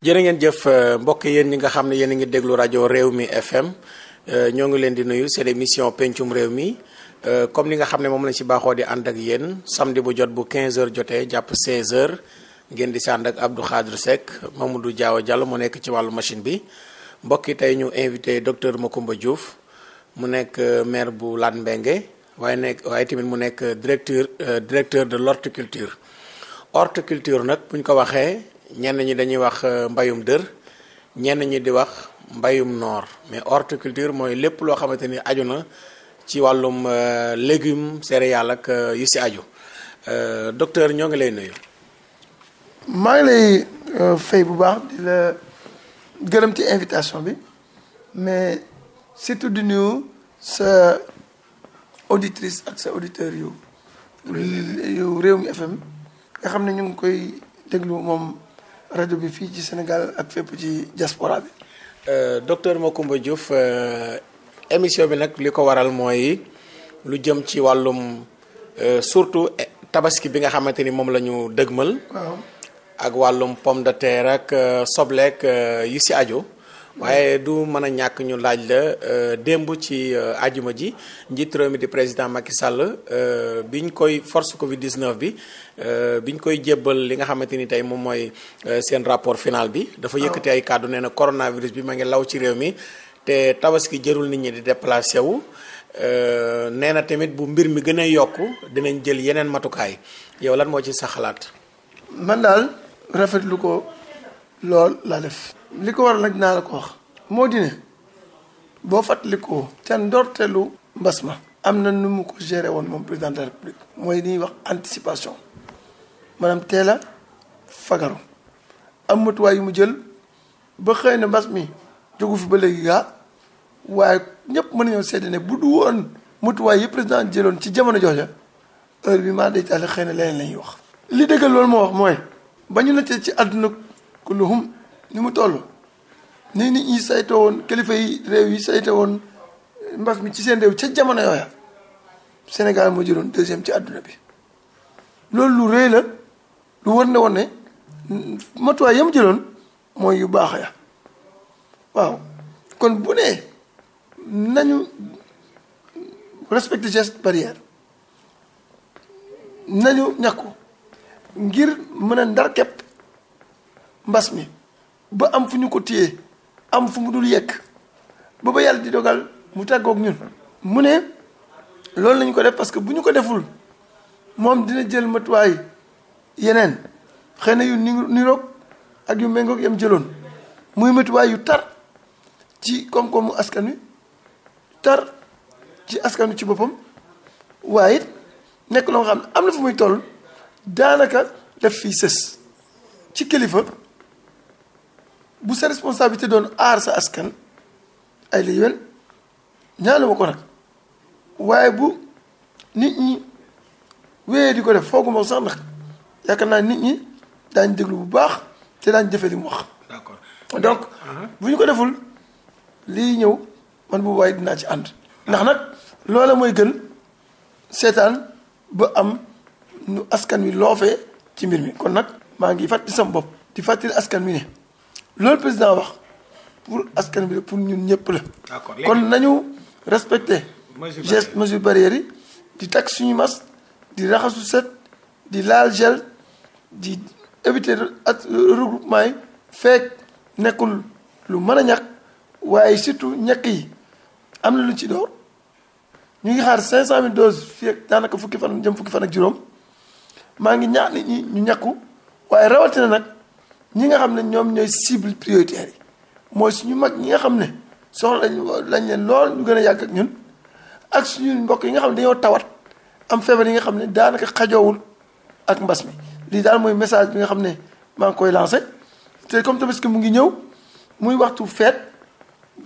jërë ngeen jëf euh, mbokk yéen ñi nga xam ne yéen a ngi déglu rajo réew mi FM euh, ñoo ngi leen di nuyu seen émission pencum réew mi euh, comme li nga xam ne moom lañ si baaxoo di ànd ak yéen samedi bu jot bu 15h jotee jàpp 16h ngeen di si ànd ak Abdou Khadre Seck Mamadou Diaw Diallo mu nekk ci wàllu machine bi mbokk yi tey ñu invité docteur Macoumba Diouf mu nekk maire bu laat Latmingué waaye nekk waaye tamit mu nekk directeur directeur de l'horticulture horticulture nag bu ko waxee. ñenn ñi dañuy wax euh, mbayum dër ñenn ñi di wax mbayum noor mais culture mooy lépp loo xamante ni aju na ci wàllum euh, légumes céréales ak euh, yu si aju docteur ñoo ngi lay nuyu. maa ngi lay fay bu baax di la gërëm ci invitation bi mais surtout di nuyu sa auditrice ak sa auditeur yu. yu Rewmi FM nga xam ne ñu ngi koy déglu moom. rajo bi fii ci Sénégal ak fépp ci diaspora bi. Euh, docteur Macoumba Diouf euh, émission bi nag li ko waral mooy lu jëm ci wàllum euh, surtout e, tabaski bi nga xamante ni moom la ñu dëgmal. ak wàllum pomme de terre ak sobleek yu si ajo waaye du mën a ñàkk ñu laaj la euh, démb ci ajuma euh, ji njiit réew mi di président Macky Sall euh, biñ koy force Covid 19 bi biñ koy jébbal li nga xamante ni tey moom mooy seen rapport final bi. dafa yëkkati ay kàddu nee na coronavirus bi ma ngi law ci réew mi te tabaski jërul nit ñi di déplacé wu. Uh, nee na tamit bu mbir mi gën a yokk dinañ jël yeneen matukaay yow lan moo ci sa xalaat. man daal rafetlu ko lool laa def. li ko waral nag naa la ko wax moo di ne boo fàttalikoo ca ndorteelu mbas ma am na nu mu ko géré woon moom président de la république mooy li ñuy wax anticipation maanaam teel a fagaru am matuwaay yu mu jël ba xëy na mbas mi jógu fi ba léegi gaa waaye ñëpp mën a nañoo seede ne bu du woon matuwaay yi président jëloon ci jamono jox jooja heure bi maa day taale xëy na leneen la ñuy wax. li dëggal loolu moo wax mooy ba ñu la ci àdduna kulluhum ni mu toll nii nit ñi sayto woon kilifa yi réew yi sayto woon mbas mi ci seen réew ca jamono yooya Sénégal moo jëloon deuxième ci àdduna bi loolu lu rëy la lu war ne woon ne matuwaay yam jëloon mooy yu baax ya waaw kon bu nee nañu respecté geste barrière nañu ñàkku ngir mën a ndar képp mbas mi ba am fu ñu ko téye am fu mu dul yekk ba yàlla di dogal mu tàggoog ñun mu ne loolu lañu ko def parce que bu ñu ko deful moom dina jël matuwaay yeneen xëy na yu niroog ak yu méngoog yam jëloon muy matuwaay yu tar ci koom-koomu askan wi tar ci askan wi ci boppam waaye nekk loo xam ne am na fu muy toll daanaka def fii sës ci kilifa bu sa responsabilité doon aar sa askan ay la yéwén ñaanu ko nag waaye bu nit ñi wéyee di ko def fooguma sax nag yaakaar naa nit ñi daañ déglu bu baax te daañ jëfe li mu wax. donc uh-huh. bu ñu ko deful lii ñëw man bu waaye dinaa ci ànd. ndax nag loola mooy gën seetaan ba am nu askan wi loofee ci mbir mi kon nag maa ngi fàttali sama bopp di fàttali askan wi ne. loolu président wax pour askan bi pour ñun ñëpp la. kon nañu respecté. geste mesure barrière yi di takk suñu mas di raxasu set di laal gel di éviter ak regroupement yi fekk nekkul lu mën a ñàkk waaye surtout ñàkk yi am na lu ci door ñu ngi xaar 500000 doses fii ak daanaka fukki fan jëm fukki fan ak juróom maa ngi ñaan nit ñi ñu ñàkku waaye rawatina nag. ñi nga xam ne ñoom ñooy cible prioritaire yi mooy suñu mag ñi nga xam ne soxla lañ leen lool ñu gën a yàgg ñun ak suñu mbokk yi nga xam ne dañoo tawat am feebar yi nga xam ne daanaka xajoowul ak mbas mi lii daal mooy message bi nga xam ne maa ngi koy lancé te comme Tabaski mu ngi ñëw muy waxtu feet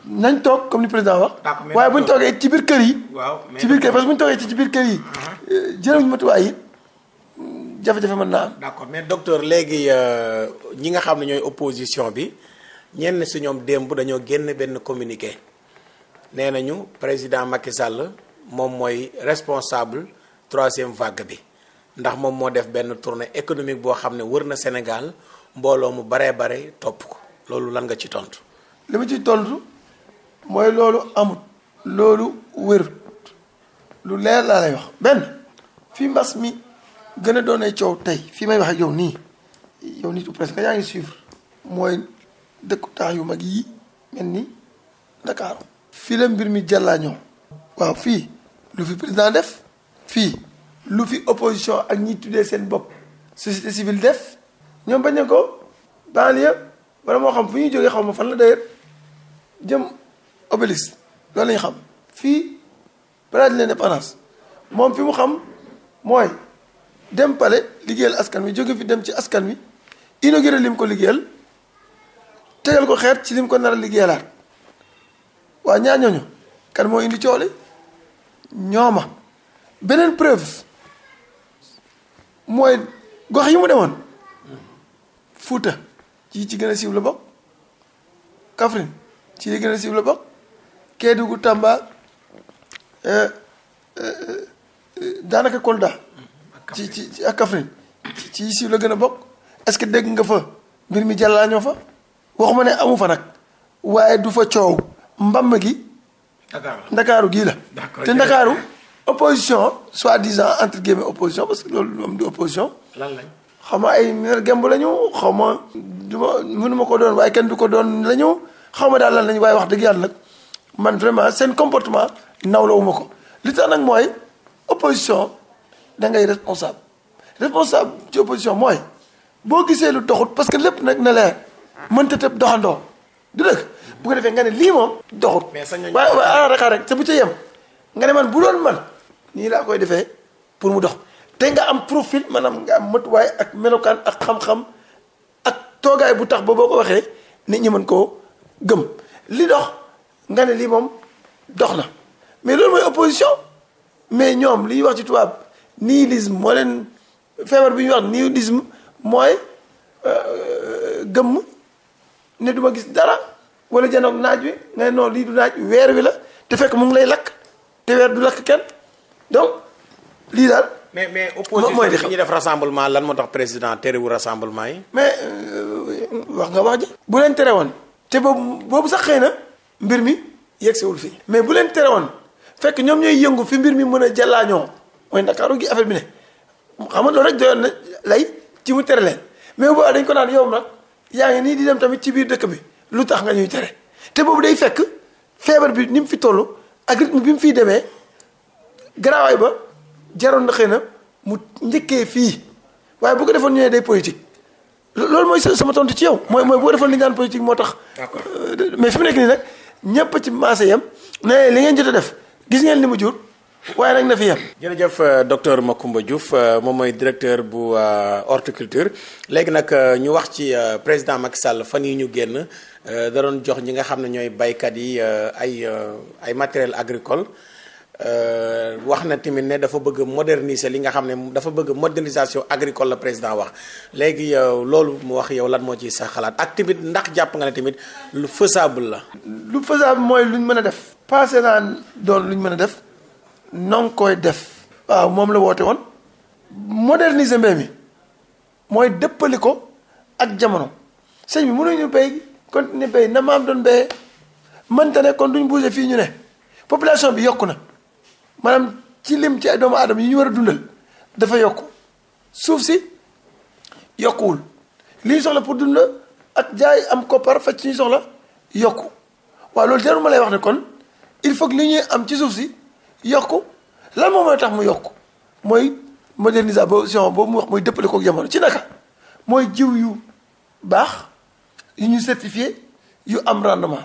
nañ toog comme ni président wax waaye bu ñu toogee ci biir kër yi ci biir kër yi parce que bu ñu toogee ci ci biir kër yi uh-huh. jëlal matuwaay yi jafe-jafe mën naa am. d'accord mais docteur léegi euh, ñi nga xam ne ñooy opposition bi ñenn si ñoom démb dañoo génn benn communiqué nee nañu président Macky Sall moom mooy responsable troisième vague bi ndax moom moo def benn tournée économique boo xam ne wër na Sénégal mbooloo mu baree bare topp ko loolu lan nga ci tontu. li ma ci tontu mooy loolu amut loolu wër lu leer laa lay wax benn fii mbas mi. gën a doonee coow tey fii may wax yow nii yow nitu presse nga yaa ngi suivre mooy dëkku taax yu mag yii mel ni Dakar. fii la mbir mi jàllaa ñëw waaw fii lu fi président def. fii lu fi opposition ak ñi tuddee seen bopp société civile def ñoom bañ ne ko banlieue wala moo xam fu ñuy jógee xaw ma fan la d'ailleurs jëm obélisque loolu lañu xam fii balaa di leen indépendance moom fi mu xam mooy. dem pale liggéeyal askan wi jóge fi dem ci askan wi inauguré lim ko liggéeyal tegal ko xeet ci lim ko nar a liggéeyalaat waa ñaañooñu kan moo indi coole ñooma beneen preuve mooy gox yi mu demoon Fuuta ci ci gën a siiw la bokk Kaffrine ci li gën a siiw la bokk Kédougou Tamba euh, euh, euh, daanaka Kolda ci ci ci ak Kaffrine ci ci siiw la gën a bokk est-ce que dégg nga fa mbir mi jàllaa ñoo fa waxuma ne amu fa nag waaye du fa coow mbamb gi. ndakaaru gii la. te ndakaaru opposition soit disant entre guillemets opposition parce que loolu moom du opposition. lan lañ xaw ma ay mineer gemb la ñu xaw ma du ma mënuma ko doon waaye kenn du ko doon la ñu xaw ma daal lan lañ waaye wax dëgg yàlla nag man vraiment seen comportement nawlawuma ko li tax nag mooy opposition. da ngay responsable responsable ci opposition mooy boo gisee lu doxut parce que lépp nag na leer mënta tëb doxandoo du dëkk bu ko defee nga ne lii moom doxut waaye waaye ah, rek ah, rek te bu ca yem nga ne man bu doon man nii laa koy defee pour mu dox te nga am profit maanaam nga am matuwaay ak melokaan ak xam-xam ak toogaay bu tax ba boo ko waxee nit ñi mën koo gëm li dox nga ne lii moom dox na mais loolu mooy opposition mais ñoom liy wax ci tubaab nihilisme moo leen feebar bi ñuy wax nihilisme mooy euh, gëmm ne du ma gis dara wala janoog naaj wi nga ne non lii du naaj weer wi la te fekk mu ngi lay lakk te weer du lakk kenn donc lii daal. mais mais opposition bi ñuy def rassemblement lan moo tax président terewu rassemblement yi. mais euh, wax nga wax bu leen tere woon te boobu boobu sax xëy na mbir mi yegsewul fi mais bu leen tere woon fekk ñoom ñooy yëngu fi mbir mi mën a jàllaañoo. mooy ndakaaru gi affaire bi ne xam nga loolu rek doyoon na lay ci mu tere leen mais bu dañ ko naan yow nag yaa ngi nii di dem tamit ci biir dëkk bi lu tax nga ñuy tere te boobu day fekk feebar bi ni mu fi toll ak rythme bi mu fi demee garaawaay ba jaroon na xëy na mu njëkkee fii waaye bu ko defoon ñu ne day politique loolu mooy sama tontu ci yow mooy mooy bu ko defoon li nga naan moo tax. Euh, mais fi mu nekk nii nag ñëpp ci maase yam ne li ngeen jot a def gis ngeen li mu jur. waaye nag na fi yem. jërëjëf euh, docteur Macoumba Diouf euh, moom mooy directeur bu euh, horticulture léegi nag ñu wax ci président Macky Sall fan yi ñu génn da doon jox ñi nga xam ne ñooy baykat yi ay ay matériel agricole wax na tamit ne dafa bëgg moderniser li nga xam ne dafa bëgg modernisation agricole la président wax léegi yow loolu mu wax yow lan moo ci sa xalaat ak tamit ndax jàpp nga ne tamit lu faisable la. lu faisable mooy luñ mën a def. passé naa doon luñ mën a def. na koy def. waaw moom la woote woon moderniser mbéy mi mooy dëppali ko ak jamono sëñ bi mënuñu béy continuer béy na maam doon béyee mënta ne kon duñ bougé fii ñu ne population bi yokku na maanaam ci lim ci ay doomu aadama yi ñu war a dundal dafa yokk suuf si yokkuwul li ñu soxla pour dund ak jaay am koppar faj ci ñu soxla yokk waaw loolu jarul ma lay wax ne kon il faut li ñuy am ci suuf si. yokku lan moo mën a tax mu yokku mooy modernisation boobu mu wax mooy dëppale ko jamono ci naka mooy jiw yu baax yu ñu certifié yu am rendement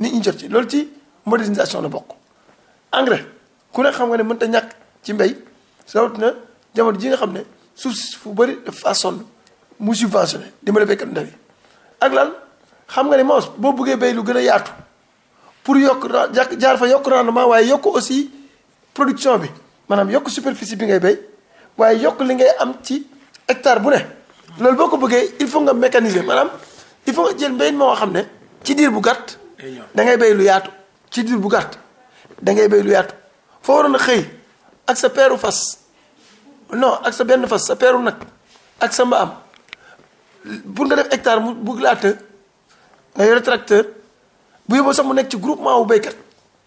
nit ñu jot ci loolu ci modernisation la bokk engrais ku ne xam nga ne mënta ñàkk ci mbéy na jamono ji nga xam ne suuf si fu bëri dafa sonn mu subventionné dimbale béykat ndaw yi ak lan xam nga ne moos boo bëggee béy lu gën a yaatu pour yokk jaar fa yokk rendement waaye yokk aussi production bi maanaam yokk superficie bi ngay béy waaye yokk li ngay am ci hectare bu ne loolu boo ko bëggee il faut nga mécaniser maanaam il faut nga jël mbéyin moo xam ne ci diir bu gàtt da ngay béy lu yaatu ci diir bu gàtt da ngay béy lu yaatu foo waroon a xëy ak sa peeru fas no ak sa benn fas sa peeru nag ak sa mbaam pour nga def hectare mu bugg laa të nga yore tracteur bu yóbboo sax mu nekk ci groupement wu béykat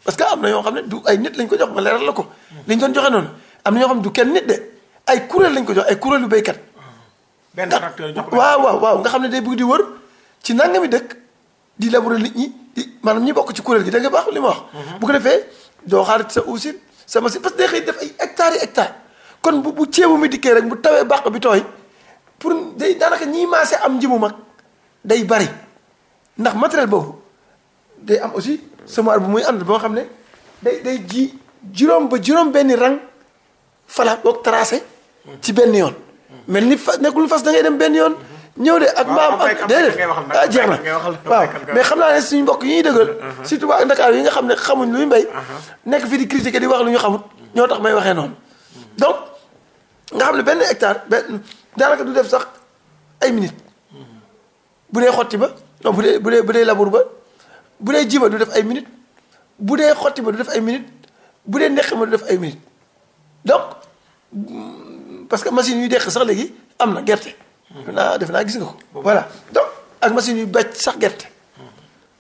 parce que am na ñoo xam ne du ay nit lañ ko jox ma leeral la ko. liñ doon joxe noonu am na yoo xam ne du kenn nit de ay kuréel lañ ko jox ay kuréelu béykat. benn tracteur jox waaw waaw waaw nga xam ne day bëgg di wër ci nangami dëkk di labourer nit ñi di maanaam bokk ci kuréel gi da nga baax li ma wax. Mhm. bu ko defee doo xaar sa usine sa machine parce que day xëy def ay hectares yi bu bu ceebu mi dikkee rek bu tawee bàq bi tooy pour day daanaka ñiy maase am nji mu mag day bari ndax matériel boobu day am aussi. sama bu muy ànd boo xam ne day day ji juróom ba juróom benni rang fala boog tracé ci benn yoon mel ni fas nekkul fas da ngay dem benn yoon ñëw de ak maam ak déedéet a ah, jeex na waaw mais xam naa ne suñu mbokk yi ñuy dëggal uh-huh. surtout waa Ndakaar yi nga xam ne xamuñ lu ñu mbéy uh-huh. nekk fi di critiquer di wax lu ñu xamut ñoo tax may waxee noonu donc nga xam ne benn hectare benn daanaka du def sax ay minutes uh-huh. bu dee xotti ba bu dee bu dee bu dee labour ba bu dee jiba du def ay minutes bu dee xotti ba du def ay minutes bu dee neq ma du def ay minutes donc parce que machine yuy deq sax léegi am na gerte. naa def naa gis nga ko. voilà donc ak machine yu becc sax gerte.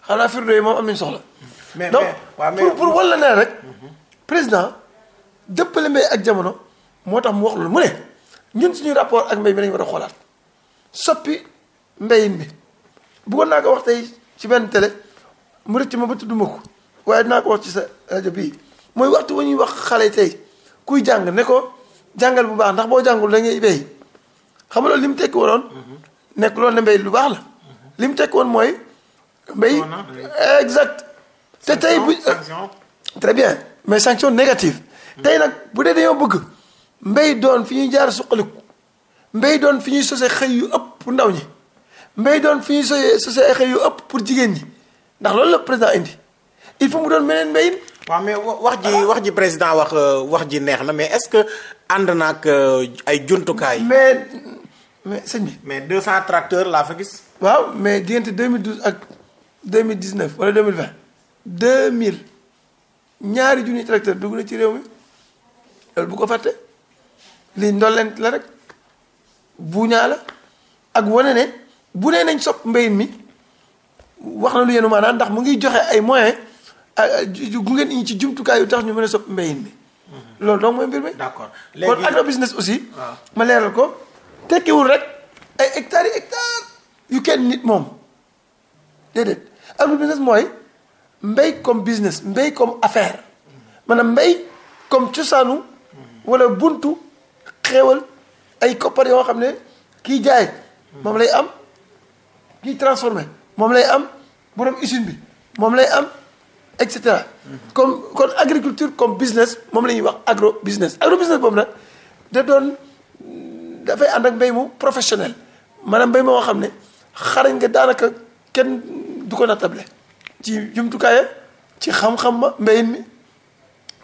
xanaa firnde yi moom am nañu soxla. mais donc pour pour walla ne rek. Mhm. président dëppale mbay ak jamono moo tax mu wax loolu mu ne ñun suñuy rapport ak mbay mi dañu war a xoolaat soppi mbay mi buggoon naa ko wax tey ci benn télé. mu rëcc ma ba tudd ma ko waaye dinaa ko wax ci sa rajo bii mooy waxtu wu ñuy wax xale tey kuy jàng ne ko jàngal bu baax ndax boo jàngul da ngay béy xam nga loolu li mu tekki woon mm-hmm. nekk loolu ne mbéy lu baax la mm-hmm. li mu tekki woon mooy mbéy exact te tey bu euh, très bien mais sanction négative mm-hmm. tey nag bu dee dañoo bëgg mbéy doon fi ñuy jaar suqaliku mbéy doon fi ñuy sose xëy yu ëpp ndaw ñi mbéy doon fi ñuy sose sose xëy yu ëpp pour jigéen ñi ndax loolu la président indi il faut mu doon meneen mbayin waaw mais wax ji wax ji président wax euh, wax ji neex na mais est-ce que ànd naag euh, ay jumtukaay. mais mais sëñ bi. mais 200 tracteurs laa fa gis. waaw mais diggante 2012 ak deux 2019 wala 2020 2000 ñaari junni tracteurs dugg na ci réew mi loolu bu ko fàtte li ndollent la rek buñaa la ak wane ne bu nee nañ sopp mbéyin mi. wax na lu yenu maanaam ndax mu ngi joxe ay moyens ah, gunge nit ñi ci jumtukaayu tax ñu mën a sopp mbéyin mi mhm. loolu donc mooy mbir mi. d'accord léegi kon agro business aussi. ma leeral ko tekkiwul rek ay hectares yi yu kenn nit moom déedéet agro business mooy comme business mbéy comme affaire maanaam mbéy comme cosaanu walla buntu xéewal ay koppar yoo xam ne kiy jaay moom lay am kiy transformé moom lay am borom usine bi moom lay am et cetera. comme kon agriculture comme business moom la ñuy wax agro business agro business boobu nag dafay ànd ak mbéy mu professionnel maanaam mbéy moo xam ne xarañ nga daanaka kenn du ko nattable ci jumtukaaya ci xam-xam ba mbéyin mi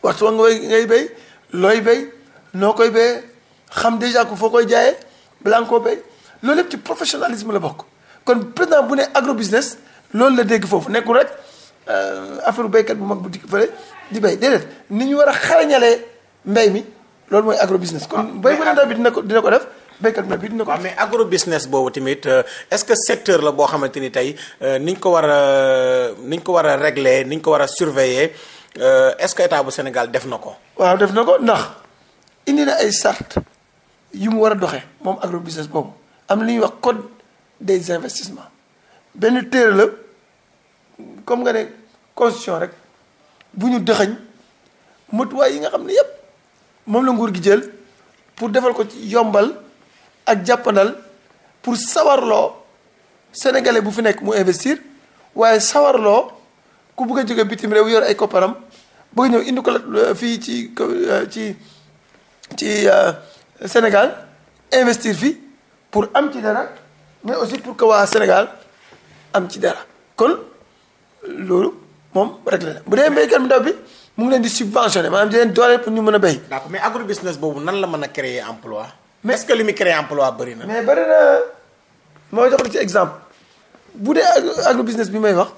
waxtu wa ngay ngay béy looy béy noo koy béyee xam déjà ko foo koy jaayee balaa nga koo béy loolu yëpp ci professionnalisme la bokk kon président bu ne agro business. loolu la dégg foofu nekkul rek euh, affaire béykat bu mag bu dikk fële di béy déedéet ni ñu war a xarañalee mbay mi loolu mooy agro business. kon ah, béy bu ndaw ko dina ko def. béykat bi dina ko ah, mais agro boobu tamit euh, est-ce que secteur la boo xamante ni tey euh, niñ ko war a niñ ko war a régler niñ ko war a surveiller est-ce bu Sénégal def na ko. waaw def na ko ndax indi na ay sart yu mu war a doxee moom agro business boobu am li ñuy wax code des investissement benn téere la comme nga ne constitution rek bu ñu dëxañ matuwaay yi nga xam ne yépp moom la nguur gi jël pour defal ko ci yombal ak jàppandal pour sawarloo sénégalais bu fi nekk mu investir waaye sawarloo ku bëgg a jóge bitim réew yor ay kopparam bëgg ñëw indi ko la euh, fii ci euh, ci ci euh, Sénégal investir fi pour am ci dara mais aussi pour que waa Sénégal am ci dara kon loolu moom rek la bu dee mbéykat ndaw bi mu ngi leen di subventionné maanaam di leen dooleel pour ñu mën a béy. d'accord mais agro business boobu nan la mën a créer emploi. mais est-ce que li muy créer emploi na. mais bëri na moo ci exemple bu dee agro business bi may wax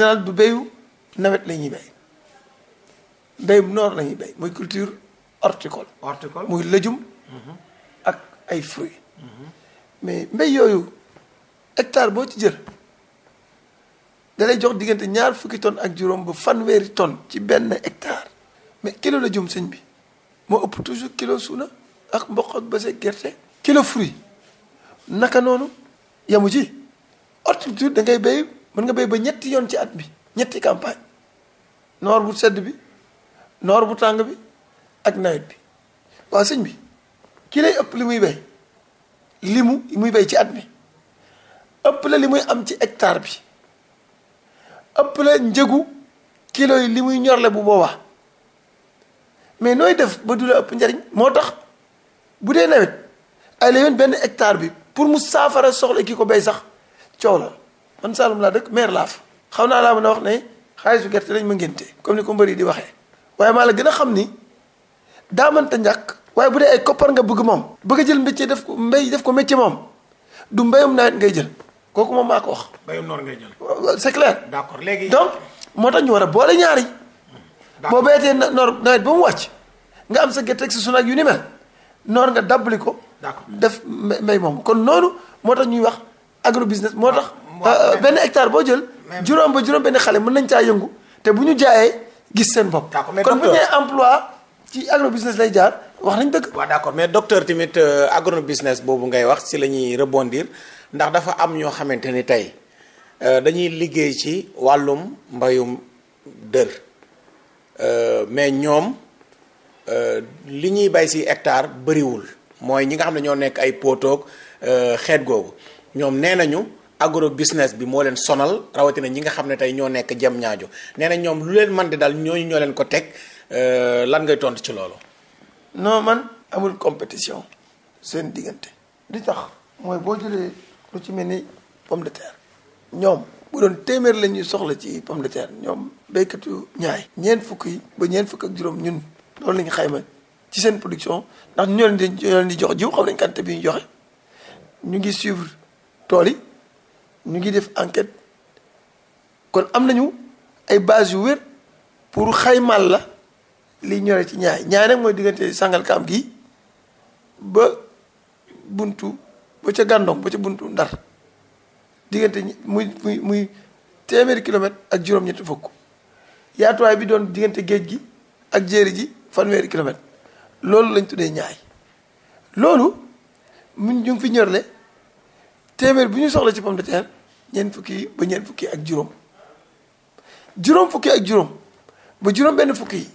en bu béyu nawet la ñuy béy mbéyum noor la ñuy béy muy culture horticole. horticole muy lëjum. Mhm. ak ay fruits. mais mbéy yooyu. hectare boo ci jël dalay jox diggante ñaar fukki tonnes ak juróom ba fanweeri tonnes ci benn hectare mais kilo la jum sëñ bi moo ëpp toujours kilo suuna ak mboq ak base gerte. kilo fruit naka noonu yamu ci horticulture da ngay bay mën nga bay ba ñetti yoon ci at bi ñetti campagne noor bu sedd bi noor bu tàng bi ak nawet bi waa sëñ bi ki ëpp li muy béy limu muy bay ci at bi ëpp la li muy am ci hectare bi ëpp la njëgu kilo yi li muy ñorle bu boobaa mais nooy def ba du la ëpp njariñ moo tax bu dee nawet ay la yoon benn hectare bi pour mu saafara soxla ki ko bay sax coow la man Saalum laa dëkk maire laa fa xaw naa laa mun a wax na ne xaalisu gerte lañ ma ngénte comme ni ko mbari di waxee waaye maa la gën a xam ni daa mënta ñàkk waaye bu dee ay koppar nga bëgg moom bëgg a jël métier def ko mbéy def ko métier moom du mbéyum nawet ngay jël kooku moom maa wax. bayum noor ngay jël. c'est clair. d'accord léegi. donc moo tax ñu war a boole ñaari. boo béyatee noor nawet ba mu wàcc nga am sa gerte ak su suuna yu ni mel noor nga dabbali ko. d'accord def may moom kon noonu moo tax ñuy wax agro business moo ah, euh, tax. benn hectare boo jël. juróom ba juróom benn xale mën nañ caa yëngu te bu ñu jaayee gis seen bopp. kon bu ñu nee emploi ci agro business lay jaar. wax nañ dëgg. waaw accord mais docteur tamit euh, agro business boobu ngay wax si la ñuy rebondir ndax dafa am ñoo xamante ni tey euh, dañuy liggéey ci wàllum mbayum dër euh, mais ñoom li ñuy bay si hectare bëriwul mooy ñi nga xam ne ñoo nekk ay potoog xeet googu ñoom nee nañu agro business bi moo leen sonal rawatina ñi nga xam ne tey ñoo nekk jëm ñaajo nee na ñoom lu leen mën di daal ñooñu ñoo leen ko teg lan ngay tontu ci loolu. non man amul compétition seen diggante li tax mooy boo jëlee lu ci mel ni pomme de terre ñoom bu doon téeméer la ñuy soxla ci pomme de terre ñoom béykat yu ñaay ñeent fukk yi ba ñeent fukk ak juróom ñun loolu la ñu xayma ci seen production ndax ñoo leen di ñoo leen di jox jiw xam nañ bi ñu joxe ñu ngi suivre tool yi ñu ngi def enquete kon am nañu ay base yu wér pour xaymaal la li ñore ci ñaay ñaay nag mooy diggante Sangalkam gi ba buntu ba ca Gàndong ba ca buntu Ndar diggante muy muy muy téeméeri kilomètre ak juróom-ñetti fukk yaatuwaay bi doon diggante géej gi ak jéeri ji fanweeri kilomètre loolu lañ tuddee ñaay loolu mu ñu fi ñorle téeméer bu ñu soxla ci pomme de terre ñeent ba ñeent fukki ak juróom juróom fukki ak juróom ba juróom benn fukki yi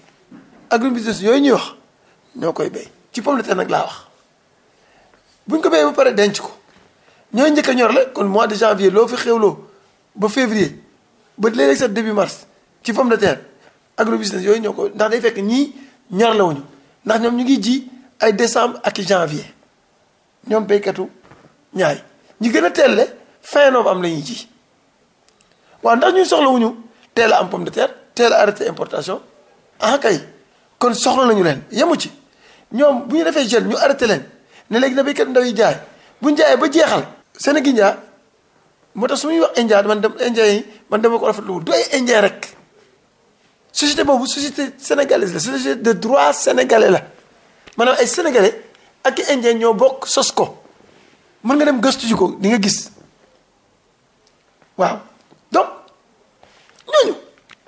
agrobusiness yooyu ñuy wax ñoo koy béy ci pomme de terre nag laa wax buñ ko béyee ba pare denc ko ñooy njëkk a ñor la kon mois de janvier loo fi xewloo ba février ba léeg-léeg sax mars ci pomme de terre agrobusiness yooyu ñoo ko ndax day fekk ñii ñor la wuñu ndax ñoom ñu ngi ji ay décembre ak i janvier ñoom béykatu ñaay ñi gën a teel le fin novembre la ñuy ji waaw ndax ñun soxla wuñu teel a am pomme de terre teel a arrêté importation ah kay kon soxla nañu leen yemu ci ñoom bu ñu defee jeune ñu arrêté leen ne léegi na béykat ndaw yi jaay bu ñu jaayee ba jeexal. Sénégal moo tax su ñuy wax India man dem India yi man dama ko rafetlu du ay India rek société boobu société sénégalaise la société de droit sénégalais la maanaam ay sénégalais ak i Indien ñoo bokk sos ko mën nga dem gëstu ji ko di nga gis waaw donc ñooñu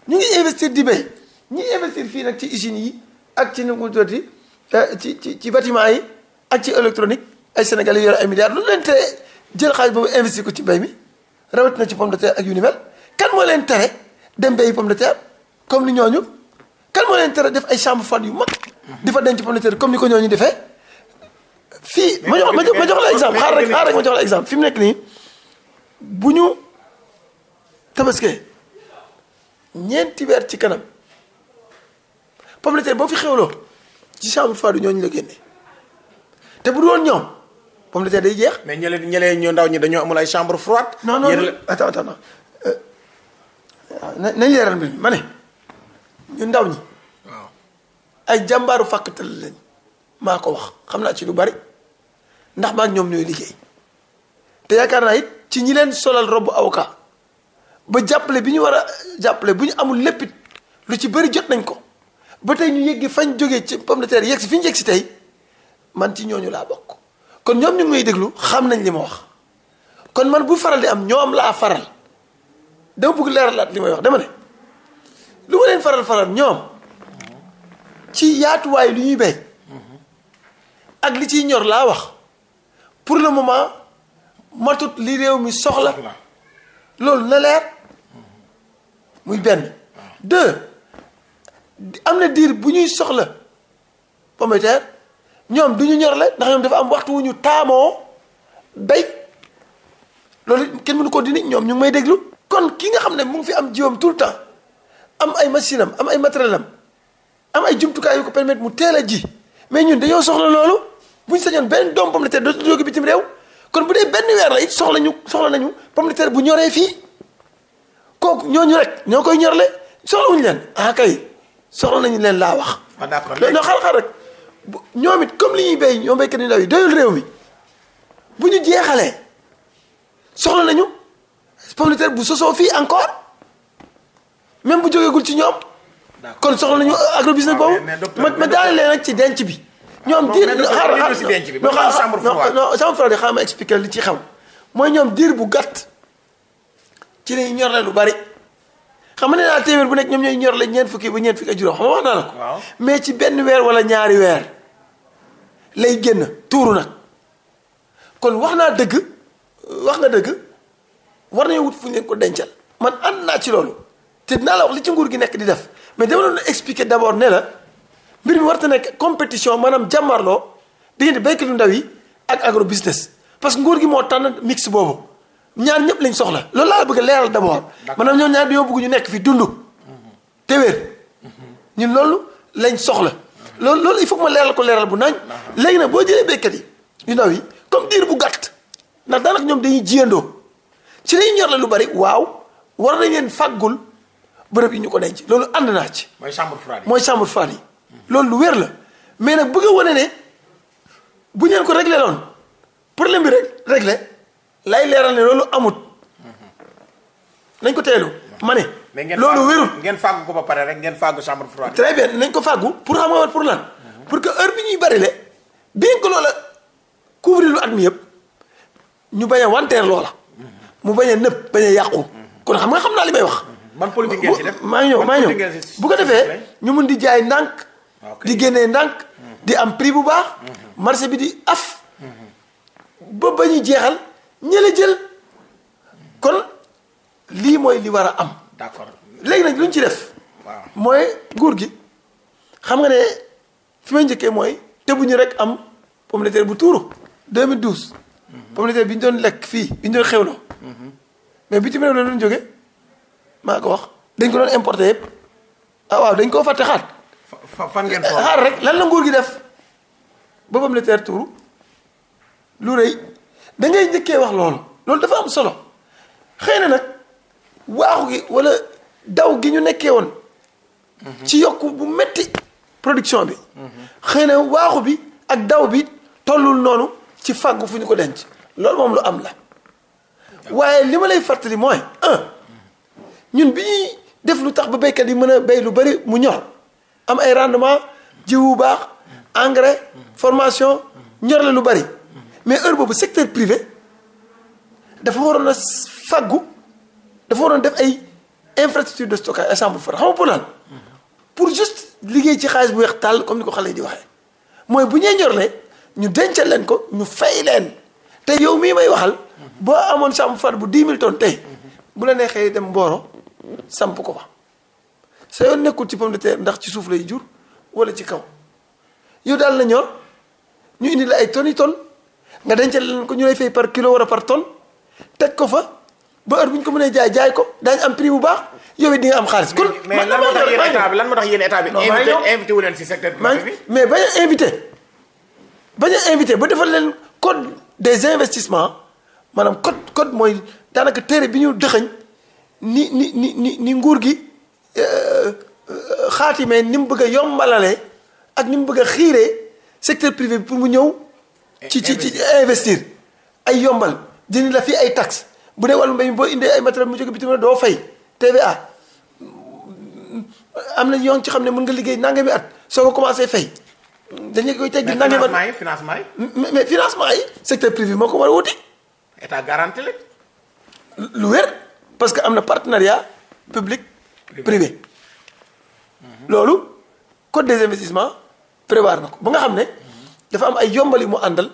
ñu ngi investir di bay ñi investir fii nag ci usines yi. ak ci nu mu tuddati eh, ci ci ci yi ak ci électronique ay Sénégalais yore ay milliards lu leen tere jël xaalis boobu investi ko ci mbay mi rawat na ci pomme de terre ak yu ni mel kan moo leen tere dem béyi pomme de terre comme ni ñooñu kan moo leen tere def ay chambre froide yu mag di fa denc pomme de terre comme ni ko ñooñu defee fii ma jox ma jox ma jox la exemple xaar rek rek ma jox la exemple fi mu nekk nii bu ñu tabaskee ñeenti weer ci kanam pomme de terre boo fi xewloo ci chambre fadu ñooñu la génne te bu doon ñoom pomme de terre day jeex. mais ñële ñële ñoo ndaw ñi dañoo amul ay chambre froide. non non non euh, nañ leeral mbir mi ma ndaw ñi. waaw ay jàmbaaru fàkkatal lañ maa ko wax xam naa ci lu bari ndax maa ñoom ñooy liggéey te yaakaar naa it ci ñi leen solal robu avocat ba jàppale bi ñu war a jàppale bu ñu amul lépp it lu ci bëri jot nañ ko. ba tey ñu yëggi fañ jógee ci pomme de fi ñu yegg si tey man ci ñooñu laa bokk kon ñoom ñu ngi may déglu xam nañ li ma wax kon man bu faral di am ñoom laa faral dama bëgg leeralaat li may wax dema ne lu ma leen faral faral ñoom ci yaatuwaay li ñuy bay ak li ciy ñor laa wax pour le moment matut li réew mi soxla loolu na leer muy benn ah. am na diir bu ñuy soxla pomme ñoom du ñu ñorle ndax ñoom dafa am waxtu wu ñu taamoo bay loolu kenn mënu ko dindi ñoom ñu may déglu. kon ki nga xam ne mu ngi fi am jiwam tout le temps am ay machine am ay matériel am am ay jumtukaay yu ko permettre mu teel a ji mais ñun dañoo soxla loolu bu ñu sañoon benn doom pomme de terre dootul bitim réew kon bu dee benn weer la it soxla ñu soxla nañu pomme bu ñoree fii kooku ñooñu rek ñoo koy ñorle soxlawuñu leen ah kay. soxla nañu leen laa wax. waaw d'accord léegi xal xal rek ñoom it comme li ñuy béy ñoom béykat yu ndaw yi doyul réew mi bu ñu jeexale soxla nañu sponsor bu sosoo fii encore même bu jógeegul ci ñoom. kon soxla nañu ah, agrobusiness boobu. ma ma daal leen ci denc bi. ñoom diir xaaral xaaral si denc bi ba xam chambre froide non chambre froide xaaral ma expliquer li ci xam mooy ñoom diir bu gàtt ci lañu ñor la lu bari. xam nga nee naa téeméer bu nekk ñoom ñooy ñor la ñeent fukki ba ñeent fukki ak juróom xam nga wax naa la ko. mais ci benn weer wala ñaari weer lay génn tuuru nag kon wax naa dëgg wax nga dëgg war nañu wut fu ñu ko dencal. man ànd naa ci loolu te dinaa la wax li ci nguur gi nekk di def mais dama doon expliquer d'abord ne la mbir mi war ta nekk compétition maanaam jàmmarloo diggante béykatu ndaw yi ak agro business parce que nguur gi moo tànn mix boobu. ñaar ñëpp lañ soxla loolu laa bëgg a leeral d'abord maanaam ñoom ñaar dañoo bëgg ñu nekk fi dund te wér ñun loolu lañ soxla loolu loolu il faut que ko leeral bu nañ léegi nag boo jëlee béykat yi yu ndaw yi comme diir bu gàtt ndax daanaka ñoom dañuy jiyandoo ci lañu ñor la lu bari waaw war nañ leen fàggul bërëb yi ñu ko denc loolu ànd naa ci. mooy chambre froide mooy chambre froide yi loolu lu wér la mais nag bëgg a ne bu ñeen ko réglé loon problème bi rek réglé lay leeral ne loolu amut nañ ko teelu ma ne. loolu wérul ngeen fàggu ko ba pare rek ngeen fàggu chambre froide. très bien nañ ko fàggu pour xam nga pour lan. Mhm. pour que heure bi ñuy bari le bien que loola couvrir lu at mi yëpp ñu bañ a wanteer loola. Mhm. mu bañ a nëb bañ a yàqu. Mhm. kon xam nga xam naa li may wax. man politique ngeen ci def maa ngi ñëw maa ngi ñëw bu ko defee ñu mun di jaay ndànk. di génnee ndànk. di am prix bu baax. marché bi di af. ba ba ñu jeexal. ñi jël kon lii mooy li war a am. d'accord léegi nag lu ñu ci def. waaw mooy nguur gi xam nga ne fi may njëkkee mooy tëbuñu rek am pomme de terre bu tuuru 2012. Mhm. pomme de terre bi ñu doon lekk fii bi ñu doon xewloo. Mhm. mais bitim réew la doon jógee maa ko wax dañ ko doon importe yëpp ah waaw dañ koo fàtte xaat. fan ngeen rek lan la nguur gi def ba pomme tuuru lu rëy. da ngay njëkkee wax loolu loolu dafa am solo xëy na nag waaxu gi walla daw gi ñu nekkee woon. Mhm. ci yokku bu metti production bi. xëy na waaxu bi ak daw bi tollul noonu ci fàggu fu ñu ko denc loolu moom lu am la waaye li ma lay fàttali mooy ñun bi ñuy def lu tax ba baykat yi mën a bay lu bari mu ñor am ay rendement jiwu baax engrais mm. formation ñor la lu bari. mais heure boobu secteur privé dafa waroon a faggu dafa waroon def ay infrastructure de stockage ay chambre froide xam nga pour lan juste liggéey ci xaalis bu weex tàll comme ni ko xale yi di waxee mooy bu ñuy njorlee ñu dencal leen ko ñu fay leen te yow mii may waxal boo amoon chambre froide bu 10 000 tey bu la neexee dem Mboro samp ko fa sa yoon nekkul ci pomme de terre ndax ci suuf lay jur wala ci kaw yow daal la ñor ñu indi la ay tonnes yu nga dencal leen ko ñu lay fay par kilo wala par tonne teg ko fa ba heure bu ñu ko mënee jaay jaay ko daañu am prix bu baax yow yi di nga am xaalis. kon man lan moo tax yéen état bi lan moo tax yéen état bi. invité invité wu leen si secteur a invité bañ invité ba defal leen code des investissements maanaam code code mooy daanaka téere bi ñu dëxëñ ni ni ni ni ni nguur gi euh, euh, xaatimee ni mu bëgg a yombalalee ak ni mu bëgg xiire xiiree secteur privé pour mu ñëw. ci ci ci investir ay yombal jënd la fii ay tax bu dee wàllu mbay boo indee ay matériel mu jóge bitim réew doo fay TVA am na yoon ci xam ne mën nga liggéey nangami at soo ko commencé fay. dañu koy teggil nangami at financement yi mais financement yi secteur privé moo ko war a wuti. état lu wér parce que am na partenariat public privé. Mhm. loolu code des investissements prévoir na ko ba nga xam ne. dafa am ay yombali mu àndal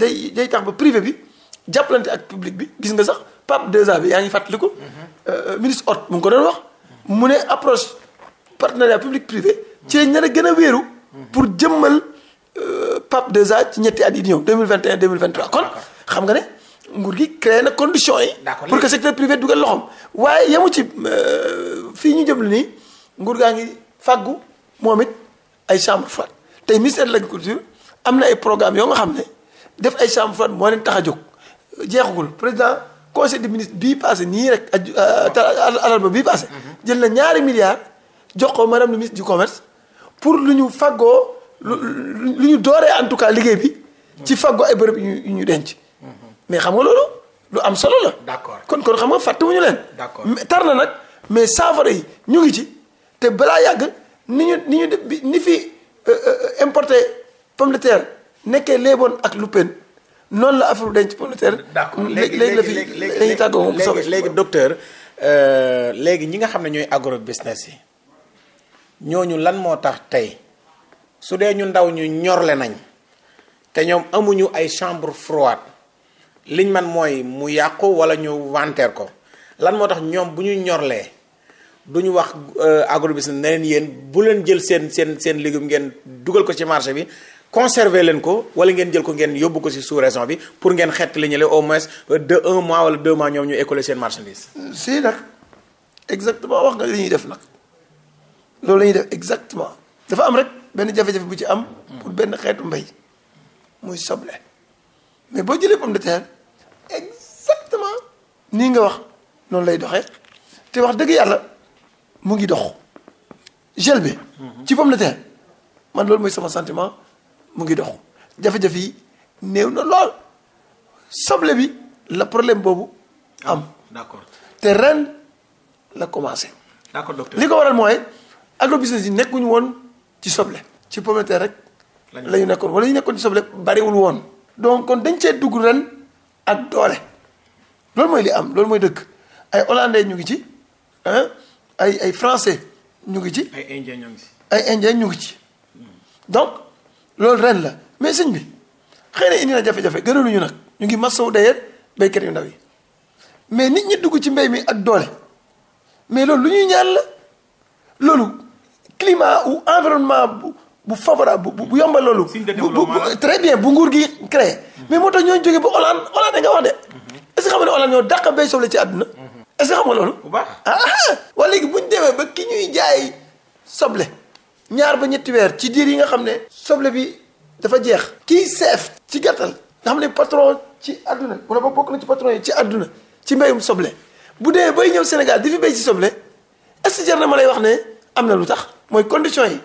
day day tax ba privé bi jàppalante ak public bi gis nga sax PAP 2A bi yaa ngi fàttaliku. Mm-hmm. Euh, ministre Hott mu ngi ko doon wax. mu ne approche partenariat public privé. ci lañ nar a gën a wéeru. Mm-hmm. pour jëmmal euh, PAP 2A ci ñetti at yi di ñëw 2021 2023 kon xam nga ne. nguur gi créé na condition yi. pour que secteur privé dugal loxoom. waaye yemu ci euh, fii ñu jëm nii nguur gaa ngi fàggu moom it ay chambre froide tey ministère de l'agriculture am na ay programme yoo nga xam ne def ay chambre froide moo leen tax a jóg jeexagul président conseil de ministres bii passé nii rek euh, alarba bii passé mhm. jël na ñaari milliards jox ko madame le ministre du commerce pour lu ñu faggoo lu ñu dooree en tout cas liggéey bi ci faggoo ay bërëb yu ñu denc mhm. mais xam nga loolu lu am solo la d'accord kon kon xam nga fàttewuñu leen d'accord tar na nag mais saafara yi ñu ngi ci te balaa yàgg ni ñu ni ñu ni fi euh, euh, importé pomme de terre nekkee léeboon ak lu pen noonu la affaire denc pomme de terre. léegi léegi la fi dañuy tàggoo moom léegi docteur euh, léegi ñi nga xam ne ñooy agro business yi ñooñu lan moo tax tey su dee ñu ndaw ñu ñorle nañ te ñoom amuñu ay chambre froide liñ man mooy mu yàqu wala ñu wanteer ko lan moo tax ñoom bu ñu ñorlee du ñu wax euh, agro business ne leen yéen bu leen jël seen seen seen légume ngeen dugal ko ci marché bi conserver leen ko wala ngeen jël ko ngeen yóbbu ko si sous-région bi pour ngeen xett li ñële au moins de un mois wala deux mois ñoom ñu écoler seen marchandise. si nag exactement wax nga li ñuy def nag loolu lañuy def exactement dafa am rek benn jafe-jafe bu ci am. pour benn xeetu mbay muy soble. mais boo jëlee pomme de terre exactement nii nga wax noonu lay doxee te wax dëgg yàlla mu ngi dox gel bi. ci pomme de terre man loolu mooy sama sentiment. mu ngi dox jafe-jafe yi néew na lool soble bi la problème boobu am. d'accord te ren la commencé. d'accord docteur li ko waral mooy agrobusiness yi nekkuñu woon ci soble. ci pomme de terre rek. la ñu nekkoon wala yu nekkoon ci soble bariwul woon. donc kon dañ cee dugg ren ak doole loolu mooy li am loolu mooy dëkk ay hollandais ñu ngi ci ay ay français ñu ngi ci. ay indiens ñu ngi ci. ay indiens ñu ngi ci hmm. donc. loolu ren la mais sëñ bi xëy na indi na jafe-jafe ñu nag ñu ngi masawu d'ailleurs béykat yu ndaw yi mais nit ñi dugg ci mbéy mi ak doole mais loolu lu ñuy ñaan loolu climat ou environnement bu bu favorable bu bu yombal loolu. bu très bien bu nguur gi créé. mais moo tax ñooñu jóge ba Hollande Hollande nga wax de. Mhm. est que xam nga ne Hollande ñoo dàq bay soble ci àdduna. Mhm. est xam nga loolu. bu baax ah, ah, ah. wala léegi bu ñu demee ba ki ñuy jaay soble. ñaar ba ñetti weer ci diir yi nga xam ne soble bi dafa jeex kii seef ci gàttal nga xam ne patron ci àdduna wala ba bokk na ci patron yi ci adduna ci mbéyum soble bu dee bay ñëw Sénégal di fi béy ci soble est-ce na ma lay wax ne am na lu tax mooy condition yi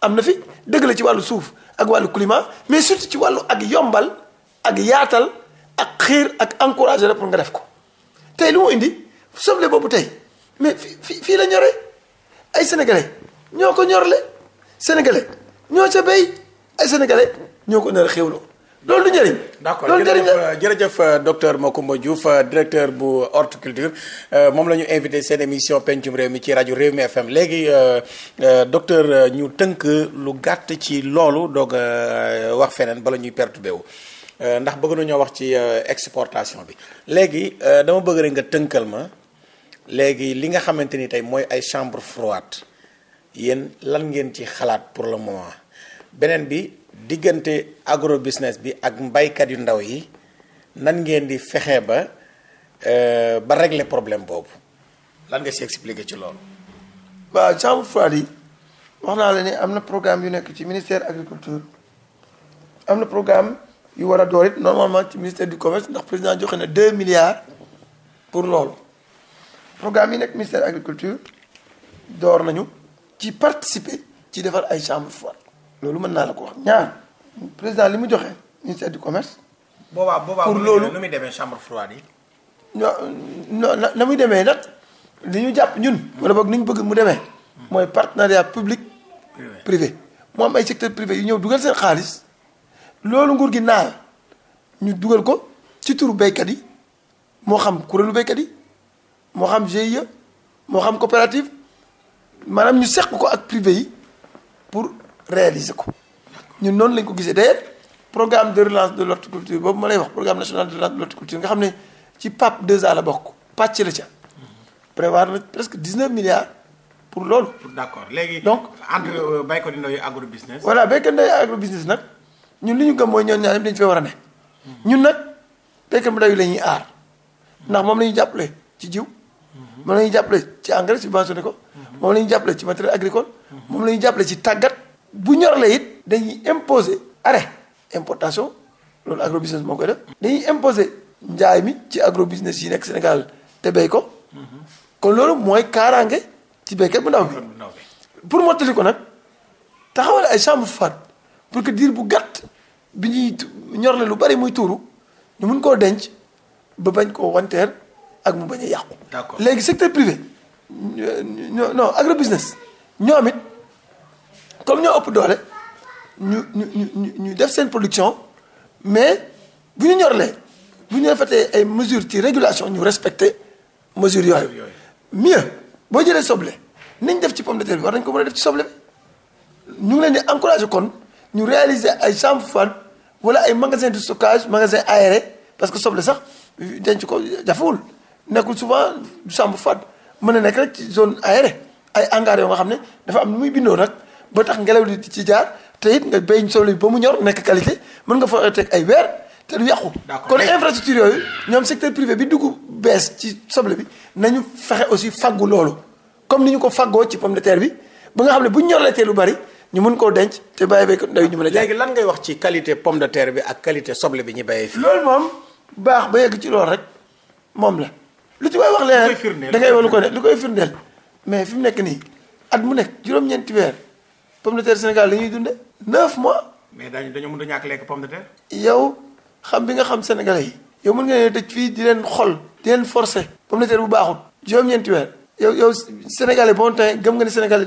am na fi dëgg la ci wàllu suuf ak wàllu climat mais surtout ci wàllu ak yombal ak yaatal ak xiir ak encouragé la pour nga def ko tey lu mu indi soble boobu tey mais fii fii la ñore ay sénégalais ñoo ko ñorle sénégalais ñoo ca béy ay sénégalais ñoo ko nar a xéwloo loolu du njëriñ. loolu njëriñ la d' accord jërëjëf euh, docteur Macoumba Diouf euh, directeur bu horticulture euh, moom la ñu invité seen émission pencum réew mi ci rajo réew mi FM léegi docteur ñu tënk lu gàtt ci loolu doog wax feneen bala ñuy perturbé wu. ndax bëgg nañoo wax ci exportation bi léegi dama bëgg rek nga tënkal ma léegi li nga xamante ni tey mooy ay chambre froide yéen lan ngeen ci xalaat pour le moment beneen bi diggante agro business bi ak mbaykat yu ndaw yi nan ngeen di fexe ba euh, ba régler problème boobu lan nga si expliquer ci loolu. waaw chambre froide yi wax naa la ni am na programme yu nekk ci ministère agriculture am na programme yu war a door it normalement ci ministère du commerce ndax président joxe na deux milliards pour loolu programme yi nekk ministère agriculture door nañu. ci participer ci defar ay chambre froide loolu mën naa la ko wax ñaar président li mu joxe ministère du commerce. boobaa boobaa pour loolu nu muy demee chambre froide yi. non muy demee nag li ñu jàpp ñun. wala boog ni ñu bëgg mu demee. mooy partenariat public. privé mu am ay secteur privé yu ñëw dugal seen xaalis loolu nguur gi naal ñu dugal ko ci turu béykat yi moo xam kuréelu baykat yi moo xam GIE moo xam coopérative. maanaam ñu seq ko ak privé yi pour réaliser ko ñun noonu lañ ko gisee d'ailleurs programme de relance de culture boobu ma lay wax programme national de relance de l'horticulture nga xam ne ci PAP 2A la bokk pacc la ca prévoir na presque 19 milliards pour loolu. d'accord léegi. donc entre euh, béykat yi agro business. voilà béykat yi agro business nag ñun li ñu gëm mooy ñoom ñaar ñëpp dañu fee war a ne. Hmm. ñun nag béykat bu ndaw yi la ñuy aar ndax moom la ñuy jàppale ci jiw. moom la ñuy jàppale ci engrais subventionné ko moom la jàppale ci matériel agricole moom la ñuy jàppale ci tàggat bu ñorle it dañuy imposer arrêt importation loolu agro business moo koy def dañuy imposer njaay mi ci agro yi nekk Sénégal te béy ko kon loolu mooy kaaraange ci béykat bu ndaw bi pour mottali ko nag taxawale ay chambre froide pour que diir bu gàtt bi ñuy ñorle lu bari muy tuuru ñu mun koo denc ba bañ koo wanteer ak mu bañ yàqu. d'accord léegi secteur privé ñoo non agro business ñoom it comme ñoo ëpp doole ñu ñu ñu def seen production mais bu ñu ñorlee bu ñu defatee ay mesures ci régulation ñu respecté mesures yooyu. mieux boo jëlee soble ni ñu def ci pomme de terre bi war nañ ko mën a def ci soble ñu ngi leen di encouragé kon ñu réaliser ay chambre froide wala ay magasin de stockage magasin aéré parce que soble sax denc ko jafewul. nekkul souvent du chambre froide mën na nekk rek ci zone aérée ay hangar yoo nga xam ne dafa am lu muy bindoo nag ba tax ngelaw li ci jaar te it nga béy soble ba mu ñor nekk qualité mën nga fa teg ay weer te du yàqu. kon infrastructure yooyu ñoom secteur privé bi dugg bees ci soble bi nañu fexe aussi faggu loolu comme ni ñu ko faggoo ci pome de terre bi ba nga xam ne bu ñu ñorlatee lu bari ñu mën koo denc te bàyyi béykat ndaw ñu mën a. léegi lan ngay wax ci qualité pomme de terre bi ak qualité soble bi ñu béyee fii. loolu moom baax ba yegg ci loolu rek moom la. lu ci waay wax leneen da ngay wax lu ko ne lu koy firndeel mais fi mu nekk nii at mu nekk juróom-ñeenti weer pomme de terre Sénégal la ñuy dunde neuf mois. mais daañu dañoo mën a ñàkk lekk pomme de terre. yow xam bi nga xam sénégalais yi. yow mën nga leen tëj fii di leen xol di leen forcé pomme de terre bu baaxut juróom-ñeenti weer. yow yow sénégalais bon temps gëm nga ni sénégalais.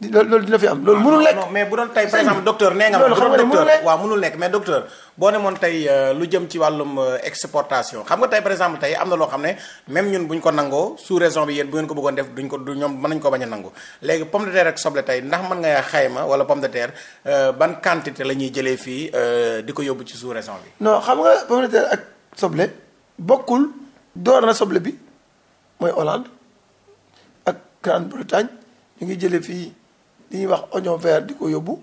loolu dina fi am loolu mënul nekk ah, non mais bu doon tey par exemple docteur nee nga bu doon docteur waaw mënul nekk mais docteur boo ne moon tey euh, lu jëm ci wàllum euh, exportation xam nga tey par exemple tey am na loo xam ne même ñun bu ñu ko nangoo sous raison bi yéen bu ngeen ko bëggoon def duñ ko du ñoom mën nañu ko bañ a nangu léegi pomme de terre ak soble tey ndax mën nga xayma wala pomme de terre euh, ban quantité la ñuy jëlee fii di ko yóbbu ci sous raison bi non xam nga pomme ak soble bokkul door na soble bi mooy Hollande jëlee fii li ñuy wax oignon vert di ko yóbbu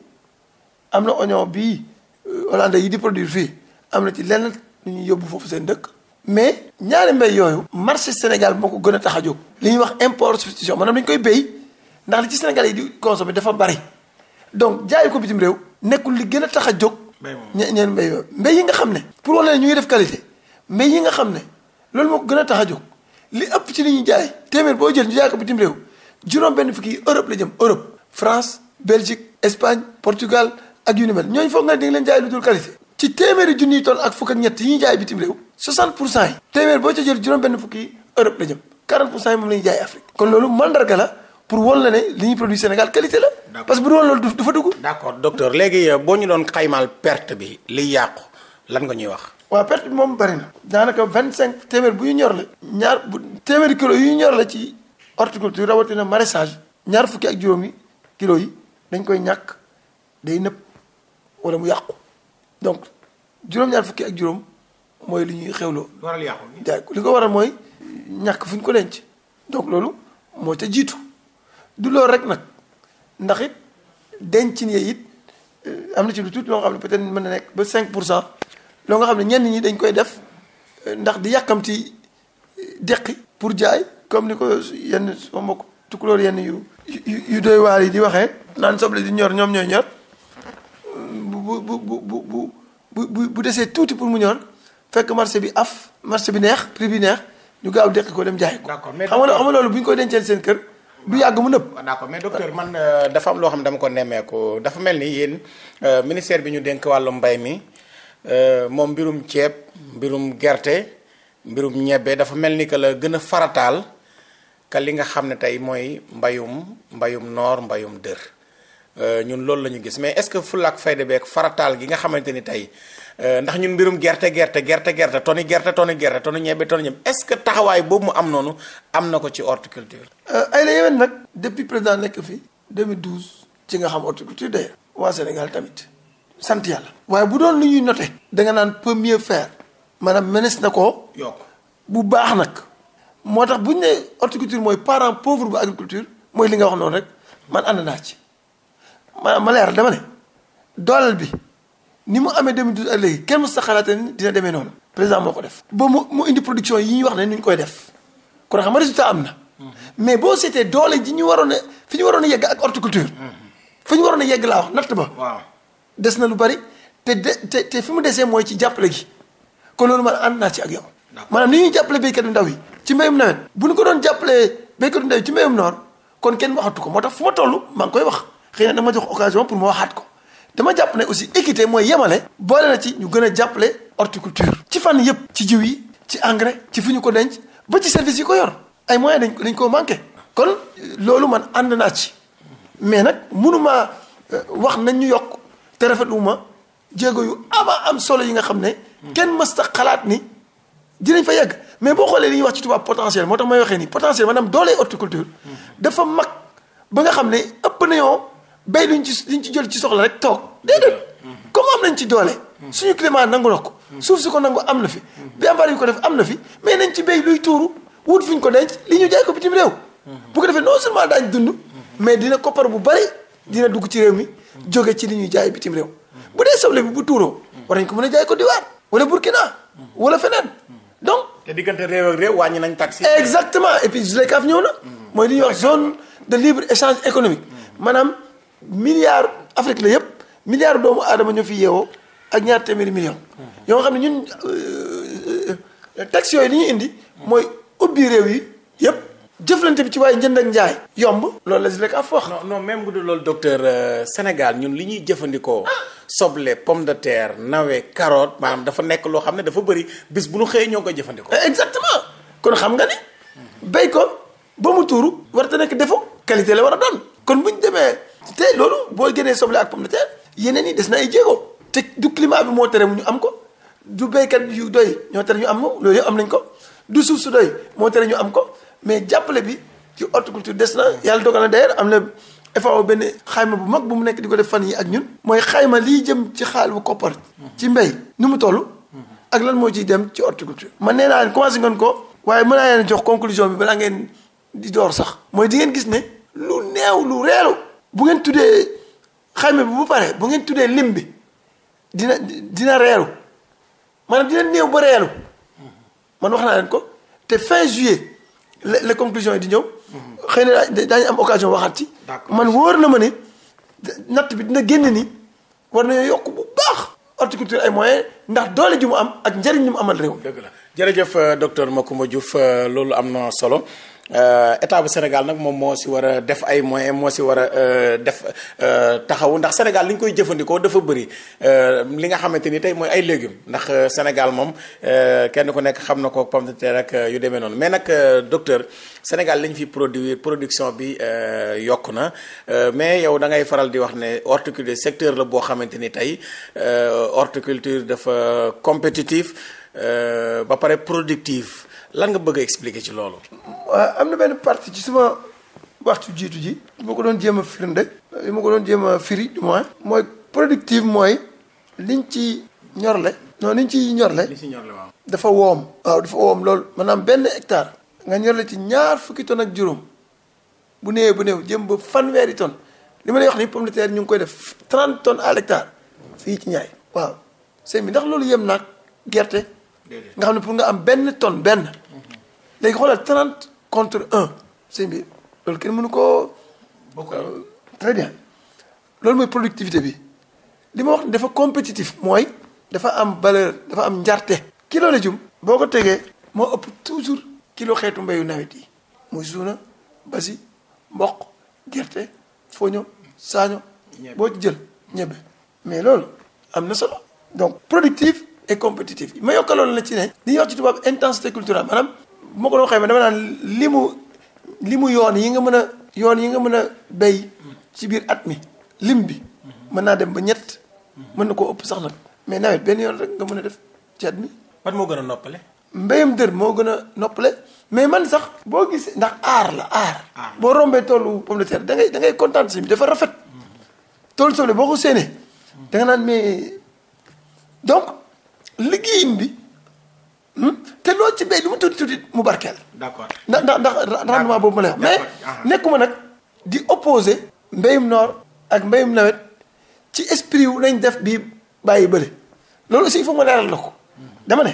am na oignon bii euh, hollandais yi di produire fii am na ci lenn lu ñuy yóbbu foofu seen dëkk. mais ñaari mbay yooyu. marché Sénégal moo ko gën a tax a jóg. li ñuy wax import substitution maanaam dañu koy béy ndax li ci Sénégal yi di consommer dafa bari donc jaay ko bitim réew. nekkul li gën a tax a jóg. ñeen mbéy yooyu yi nga xam ne. pour ñu ngi def qualité mbéy yi nga xam ne loolu moo ko gën a tax a jóg li ëpp ci li ñuy jaay téeméer boo jël ñu jaay ko bitim réew juróom benn fukki Europe la jëm Europe. France Belgique Espagne Portugal ak yu ni mel ñooñu foog nga ne di nga leen jaay lu dul qualité. ci téeméeri junniy tonne ak fukk ak ñett yi ñuy jaay bitim réew 60 pour cent yi. téeméer boo ca jël juróom-benn fukk yi Europe la jëm 40 pour cent yi moom la ñuy jaay Afrique. kon loolu mandarga la pour won la ne li ñuy produit Sénégal qualité la. parce que bu dul woon loolu du fa dugg. d'accord docteur léegi euh, boo ñu doon xaymaal perte bi liy yàqu lan nga ñuy wax. waaw perte bi moom bari na. daanaka vingt cinq téeméer bu ñu ñor la. ñaar bu téeméeri kilo la ci horticulture rawatina maraîchage ñaar fukki ak juróom yi kilo yi dañ koy ñàkk day nëpp wala mu yàqu donc juróom-ñaar fukki ak juróom mooy li ñuy xewloo. waral yàqu li ko waral mooy ñàkk fu ñu ko denc donc loolu moo ca jiitu du loolu rek nag ndax it dencin yee it euh, am na ci lu tuuti loo xam ne peut-être mën na nekk ba 5 pour cent loo nga xam ne ñenn ñi dañ koy def euh, ndax di yàkkamti euh, deqi pour jaay comme ni ko yenn sama mbokk tukulóor yenn yu yu doy waar yi di waxee naan soble di ñor ñoom ñooy ñor bu bu bu bu bu bu desee tuuti pour mu ñor fekk marché bi af marché bi neex prix bi neex ñu gaaw deqi ko dem jaay ko. d'accord mais xam nga xam nga loolu bu ñu koy dencee seen kër. du yàgg mu nëb. Ah, d'accord mais docteur man euh, dafa am loo xam dama ko nemmeeku dafa mel ni yéen euh, ministère bi ñu denk wàllu mbay mi euh, moom mbirum ceeb mbirum gerte mbirum ñebbe dafa mel ni que la gën a farataal. ka li nga xam ne tey mooy mbayum mbayum noor mbayum dër euh, ñun loolu la ñu gis mais est-ce que fulaak fayda beeg farataal gi nga xamante ni tey euh, ndax ñun mbirum gerte gerte gerte gerte toni gerte toni gerte toni ñebe toni ñebe ce que taxawaay boobu mu am noonu am na ko ci horticulture. Euh, ay la yéwén nag depuis président nekk fi 2012 ci nga xam horticulture day waa Sénégal tamit sant yàlla. waaye bu doon lu ñuy noté. da nga naan premier faire maanaam mënees na ko. yokk bu baax nag. moo tax bu ñu nee horticulture mooy parent pauvre bu agriculture mooy li nga wax noonu rek man ànd naa ci ma ma leer dooleel bi ni mu amee 2012 ak léegi kenn sa xalaatee ni dina demee noonu. président moo ko def. ba mu mu indi yi ñuy wax ne ni ñu koy def kon xam nga résultat am na. Mm-hmm. mais boo seetee doole ji ñu waroon a fi ñu waroon a yegg ak horticulture. Mm-hmm. fi ñu waroon a yegg laa wax natt ba. waaw des na lu bari te de te te fi mu desee mooy ci jàppale gi kon loolu man ànd naa ci ak yow. maanaam ni ñuy jàppale béykat yu ndaw yi. ci mbéyum nawet bu nu ko doon jàppalee béykatu ndaw ci mbéyum noor kon kenn waxatu ko moo tax fu toll maa ngi koy wax xëy na dama jox occasion pour ma waxaat ko dama jàpp ne aussi équité mooy yemale boole na ci ñu gën a jàppale horticulture ci fànn yëpp ci jiw yi ci engrais ci fi ñu ko denc ba ci service yi ko yor ay moyens dañ dañ koo manqué kon loolu man ànd ci mais nag mënumaa euh, wax nañ ñu yokk te rafetlu ma jéego yu ama am solo yi nga xam ne kenn mësta xalaat ni dinañ fa yegg mais boo xoolee li ñu wax ci tubaab potentiel moo tax may waxee nii potentiel maanaam doolee horticulture dafa mag ba nga xam ne ëpp nañoo bay luñ ci luñ ci jël ci soxla rek toog déedéet comme am nañ ci doole suñu climat nangu na ko suuf si ko nangu am na fi bambar yu ko def am na fi mais nañ ci béy luy tuuru wut fuñ ko denc li ñu jaay ko bitim réew bu ko defee non seulement daañ dund mais dina koppar bu bari dina dugg ci réew mi jóge ci li ñuy jaay bitim réew bu dee soble bi bu tuuroo war nañ ko mën a jaay ko diwaan wala Burkina wala feneen donc. te diggante réew ak réew wàññi nañ taxi. exactement et puis ZLECAf ñëw na. mooy li ñuy wax zone de libre échange économique. maanaam milliard Afrique la yëpp milliard doomu aadama ñoo fi yeewoo ak ñaar téeméeri million yoo nga xam ne ñun euh, euh, taxes yooyu li ñuy indi. mooy ubbi réew yi yëpp. jëflante bi ci waaye njënd ak njaay. yomb loolu la ZLECAf wax. non non même bu dul loolu docteur euh, Sénégal ñun li ñuy jëfandikoo. Ah! soble pomme de terre nawe carotte maam dafa nekk loo xam ne dafa bari bis bu nu xëyee ñoo koy jëfandikoo. Eh, exactement kon xam nga ni. béy ko ba mu tuuru warta nekk défaut qualité la war a doon kon bu ñu demee tey loolu boo génnee soble ak pomme de terre yeneen yi des na ay jéego te du climat bi moo tere mu ñu am ko du béykat yu doy ñoo tere ñu am ko am nañ ko du suuf su doy moo tere ñu am ko mais jàppale bi ci horticulture des na yàlla dogal na d'ailleurs am na. FAO benn xayma bu mag bu mu nekk di ko def fan yi ak ñun mooy xayma liy jëm ci xaal bu koppar ci mbéy nu mu toll ak lan moo ciy dem ci horticulture man nee naa leen commencé ngeen ko waaye mën naa leen jox conclusion bi balaa ngeen di door sax mooy di ngeen gis ne lu neew lu reelu bu ngeen tuddee xayma bi bu pare bu ngeen tuddee lim bi dina dina reelu maanaam dina néew ba reelu man wax naa leen ko te fin juillet la conclusion yi di ñëw xëy na daañu am occasion waxaat ci. man wóor na ma ne natt bi dina génn nii war nañoo yokk bu baax. horticulture ay moyens ndax doole ji mu am ak njëriñ li mu amal réew. dëgg la jërëjëf euh, docteur Macoumba Diouf euh, loolu am na solo. Euh, état bu Sénégal nag moom moo si war a def ay moyens moo si war a euh, def euh, taxawu ndax Sénégal li ñu koy jëfandikoo dafa bëri li nga xamante ni tey mooy ay légumes ndax Sénégal moom kenn ku nekk xam na ko pomme de terre rek yu demee noonu mais nag docteur Sénégal lañ fi produire production bi yokk na mais yow da ngay faral di wax ne horticulture secteur la boo xamante ni tey horticulture dafa compétitif ba pare productive lan nga bëgg a expliquer ci loolu. am na benn partie ci sama ci jiitu ji. li ma ko doon jéem a firnde. ma ko doon jéem a firi du moins. mooy productive mooy liñ ci ñorle. non liñ ci ñorle. liñ ci ñorle waaw. dafa woom. waaw dafa woom loolu maanaam benn hectare. nga ñorle ci ñaar fukki tonnes ak juróom bu néewee bu néew jëm ba fanweeri tonnes li ma lay wax ni pomme de terre ñu ngi koy def trente tonnes à l'hectare fii ci ñaay waaw sëñ bi ndax loolu yem naag gerte. nga xam ne pour nga am benn tonne benn. léegi xoolal 30 contre un sëñ bi loolu kenn mënu koo. Euh, très bien loolu mooy productivité bi li ma wax dafa compétitif mooy dafa am valeur dafa am njarte kilo la jum boo ko tegee moo ëpp toujours kilo xeetu mbéyu nawet yi muy suuna basi mboq gerte foño saaño boo ci jël ñebe mais loolu am na solo donc productif et compétitif ma yokkaloon la ci ne li ñuy wax ci tubaab intensité culturelle maanaam moo ma ko doon xayma dama naan li mu li mu yoon yi nga mën a yoon yi nga mën a béy ci biir at mi lim bi mën naa dem ba ñett mën na ko ëpp sax nag mais nawet benn yoon rek nga mën a def ci at mi. ban moo gën a noppale. mbéyam dër moo gën a noppale mais man sax boo gisee ndax aar la aar. boo rombee toolu pomme de terre da ngay da ngay kontaan si bi dafa rafet. toolu soble boo ko séenee. da naan mais donc liggéeyam bi. Hmm? te loolu ci béy lu mu tuuti tuuti mu barkeel. d'accord ndax ndax rendement boobu ma lay wax. mais ah. nekkuma nag di opposé mbéyum noor ak mbéyum nawet ci esprit wu lañ def bii bàyyi bële loolu aussi il ma leeral la ko dama ne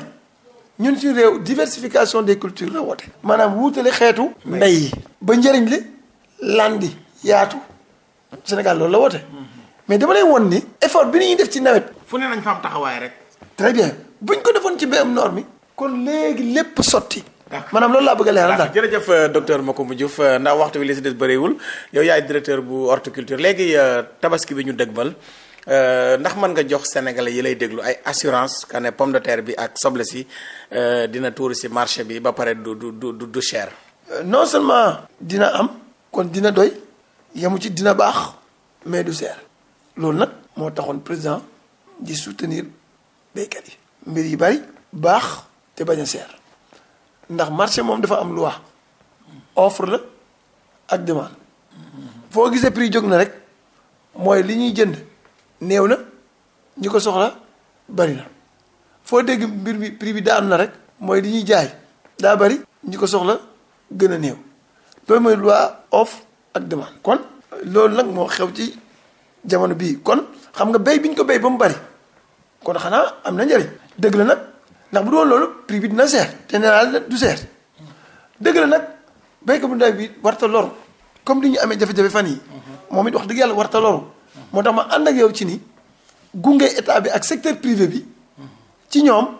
ñun suñu réew diversification des cultures la woote. maanaam wuutale xeetu. mbéy yi ba njëriñ li landi yaatu Sénégal loolu mais dama lay won ni effort bi ñuy def ci nawet. fu ne nañ fa am taxawaay rek. très bien buñ ko defoon ci mbéyum noor mi. kon léegi lépp sotti. maanaam loolu laa bëgg a leeral daal jërëjëf euh, docteur Macoumba Diouf euh, ndax waxtu bi li si des bëriwul yow yaay directeur bu horticulture léegi euh, tabaski bi ñu dëgmal ndax mën nga jox sénégalais yi lay déglu ay assurance que ne pomme de terre bi ak soble si dina tuuru si marché bi ba pare du du du non seulement dina am kon dina doy yemu ci dina baax mais du seer loolu nag moo taxoon président di soutenir béykat yi mbir yi bari baax te bañ a seer ndax marché moom dafa am loi offre la ak demande foo gisee prix jóg na rek mooy li ñuy jënd néew na ñi ko soxla bari na foo dégg mbir bi prix bi am na rek mooy li ñuy jaay daa bari ñi ko soxla gën a néew loolu mooy loi offre ak demande kon loolu nag moo xew ci jamono bii kon xam nga bay bi ñu ko bay ba mu bari kon xanaa am na njëriñ dëgg la nag ndax bu doon loolu prix bi dina seer te nee du seer dëgg la nag béykat bu ndaw bi warta loru comme li ñu amee jafe-jafe fan yi moom it wax dëgg yàlla warta loru moo tax ma ànd ak yow ci ni gunge état bi ak secteur privé bi ci ñoom.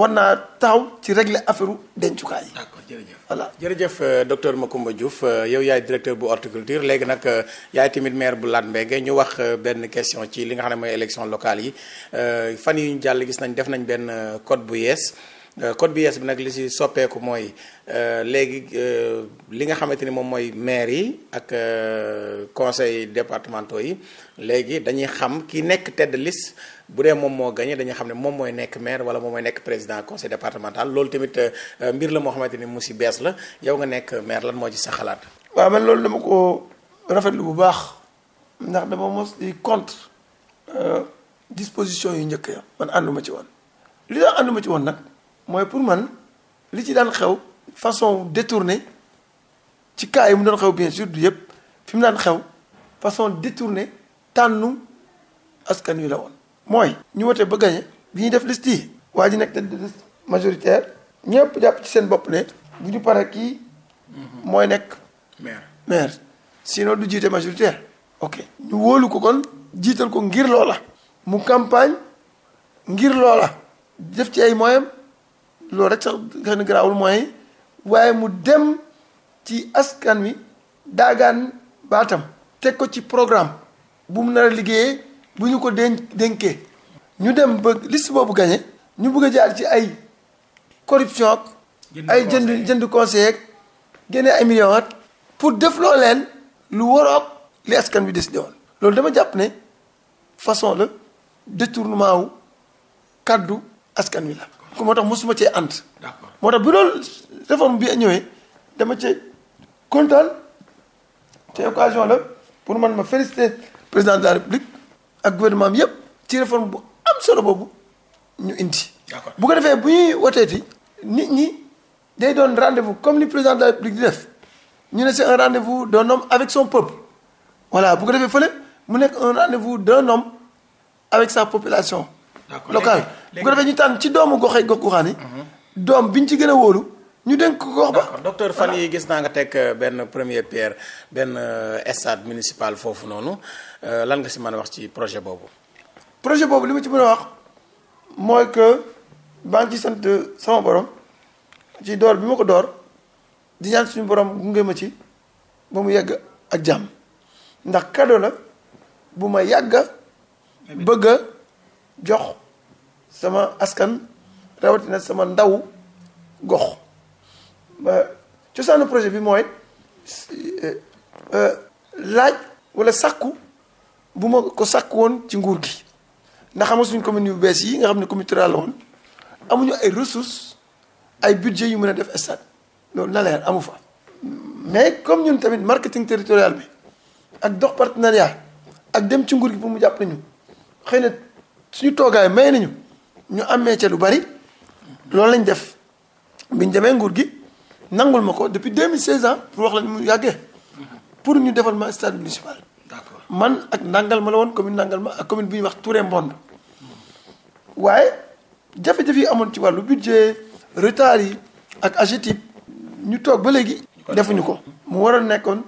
war naa taxaw ci régler affaire dencukaay yi. d'accord jërëjëf a jërëjëf euh, docteur Macoumba Diouf euh, yow yaay directeur bu horticulture léegi nag euh, yaay tamit maire bu laat Latmingué ñu wax benn question ci li nga xam ne mooy élection locale yi fan yi ñu jàll gis nañ def nañ benn code bu yees. code bi yees bi nag li si soppeeku mooy léegi li nga xamante ni moom mooy maire yi ak conseil départementaux yi léegi dañuy xam ki nekk tête de bu dee moom moo gagné dañu xam ne moom mooy nekk maire wala moom mooy nekk président conseil départemental loolu tamit euh, mbir la moo xamante ni mu si bees la yow nga nekk maire lan moo ci sa xalaat. waa man loolu dama ko lu bu baax ndax dama mos di contre euh, disposition yu njëkk ya man ànduma ci woon li tax ànduma ci woon nag mooy pour man li ci daan xew façon détournée ci cas mu doon xew bien sûr du yëpp fi mu daan xew façon détournée tànnu askan wi la woon. mooy ñu wote ba gañe bi ñuy def liste waa ji nekk tête de liste majoritaire ñëpp jàpp ci seen bopp ne bu ñu pare kii mooy nekk maire maire sinon du jiite majoritaire ok ñu wóolu ko kon jiital ko ngir loola mu campagne ngir loola def ci ay moyens loolu rek sax xëy na garaawul moyens yi waaye mu dem ci askan wi daagaan baatam teg ko ci programme bu mu nar a liggéeyee bu ñu ko dénk dénkee ñu dem ba list boobu gañe ñu bëgg a jaar ci ay corruption ak ay jënd jënd conseil ak génne ay millions pour def loo leen lu waroog li askan bi décidé woon loolu dama jàpp ne façon la détournement wu kàddu askan wi la ko moo tax mosuma cee ànd moo tax bu loolu réforme bi ñëwee dama ci kontaan te occasion la pour man ma féliciter président de la république ak gouvernement bi yëpp ci réforme bu am solo boobu ñu indi. bu ko defee bu ñuy woteeti nit ñi day doon rendez-vous comme li président de la République di def ñu ne c'est un rendez-vous d'un homme avec son peuple voilà bu ko defee fële mu nekk un rendez-vous d'un homme avec sa population. locale bu ko defee ñu tànn ci doomu gox gox goxaan yi. Mm-hmm. doom bi ñu ci gën a wóolu. ñu dénk gox ba. docteur fan yi gis naa nga teg euh, benn premier pierre benn estade euh, municipal foofu noonu euh, lan nga si mën a wax ci projet boobu. projet boobu li ma ci mën a wax mooy que maa ngi ci sant sama borom ci door bi ma ko door di ñaan suñu borom gunge ma ci ba mu yegg ak jàmm ndax cadeau la bu ma yàgga bëgg a jox sama askan rawatina sama ndaw gox. cosaanu projet bi mooy euh, euh, laaj wala sàkku bu ma ko sàkk woon ci nguur gi ndax xam suñu commune yu bees yi nga xam ne comité rural la woon amuñu ay ressource ay budget yu mun a def stade loolu na amu fa mais comme ñun tamit marketing territorial bi ak dox partenariat ak dem ci nguur gi pour mu jàpp nañu xëy na suñu toogaay may nañu ñu amee ca lu bari loolu lañ def biñ demee nguur gi nangul ma ko depuis 2016 ans pour wax la mu yàggee pour ñu defal ma stade municipal. man ak nangal ma la woon commune nangal ma ak commune bu ñuy wax Touré Mbond. waaye jafe-jafe yi amoon ci wàllu budget retard yi ak AGETIP ñu toog ba léegi. defuñu ko mu waroon nekkoon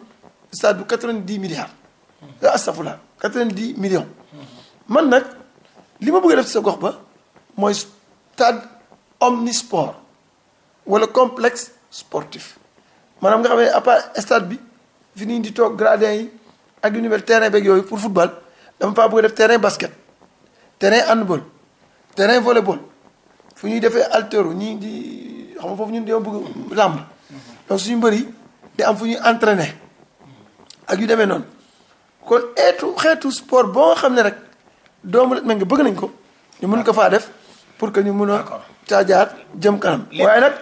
stade bu 90 milliards. Euh, astafurlah 90 millions. Mm-hmm. man nag li ma bëgg a def sa gox ba mooy stade omnisport wala complexe. sportif maanaam nga xamee ne à part stade bi fi nii ndi toog gradin yi ak univers terrain beeg yooyu pour football dama faa bëgg def terrain basket terrain handball terrain volleyball fu ñuy defee haltéro ñii di xam nga foofu ñun dañoo bëgg làmb donc suñu mbër yi di am fu ñuy entraîner ak yu demee noonu kon eetu xeetu sport boo nga xam ne rek doomu la nga bëgg nañ ko ñu mën ko faa def pour que ñu mun a caajaat jëm kanam waaye nag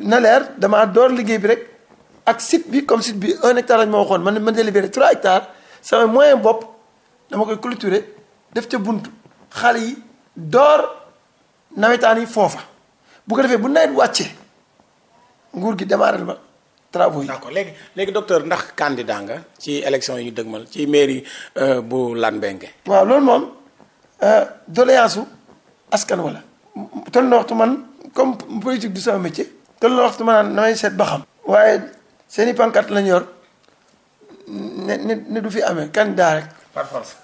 na leer damaa door liggéey bi rek ak site bi comme site bi un hectare lañ ma waxoon man ma délibéré trois hectares sama moyen bopp dama koy culture def ca buntu xale yi door nawetaan yi foofa bu ko defee bu nawet wàccee nguur gi démarrer ma travaux yi. d'accord léegi léegi docteur ndax candidat nga ci élection yi ñu dëgmal ci mairie euh, bu Latmingué. waaw loolu moom euh, doléance askan wala. toll na waxtu man comme politique du sama métier. te loolu waxtu ma naan damay seet ba xam. waaye seeni i pancarte yor ne ne du fi amee candidat rek. par force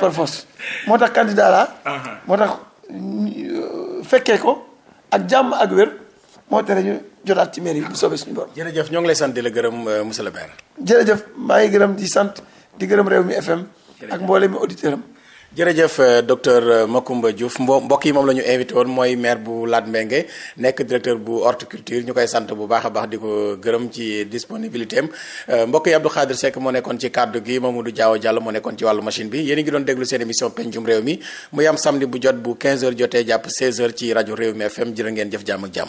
par force moo tax candidat laa. Uh-huh. moo tax euh, fekkee ko ak jàmm ak wér moo tere ñu jotaat ci mairie bi bu soobee suñu borom. jërëjëf ñoo ngi lay sant di la gërëm euh, monsieur le maire. jërëjëf maa ngi gërëm di sant di gërëm réew mi FM. ak mboolem mi auditeur am. jërëjëf euh, docteur euh, Macoumba Diouf mbo mbokk yi moom la ñu invité woon mooy maire bu Lat Mbengue nekk directeur bu horticulture ñu koy sant bu baax a baax di ko gërëm ci disponibilité am euh, mbokk yi Abdou Khadir Seck moo nekkoon ci kàddu gi Mamadou Diaw Diallo moo nekkoon ci wàllu machine bi yéen a ngi doon déglu seen émission pencum réew mi muy am samedi bu jot bu 15h jotee jàpp 16h ci rajo réew mi FM jërë ngeen jëf jàmm ak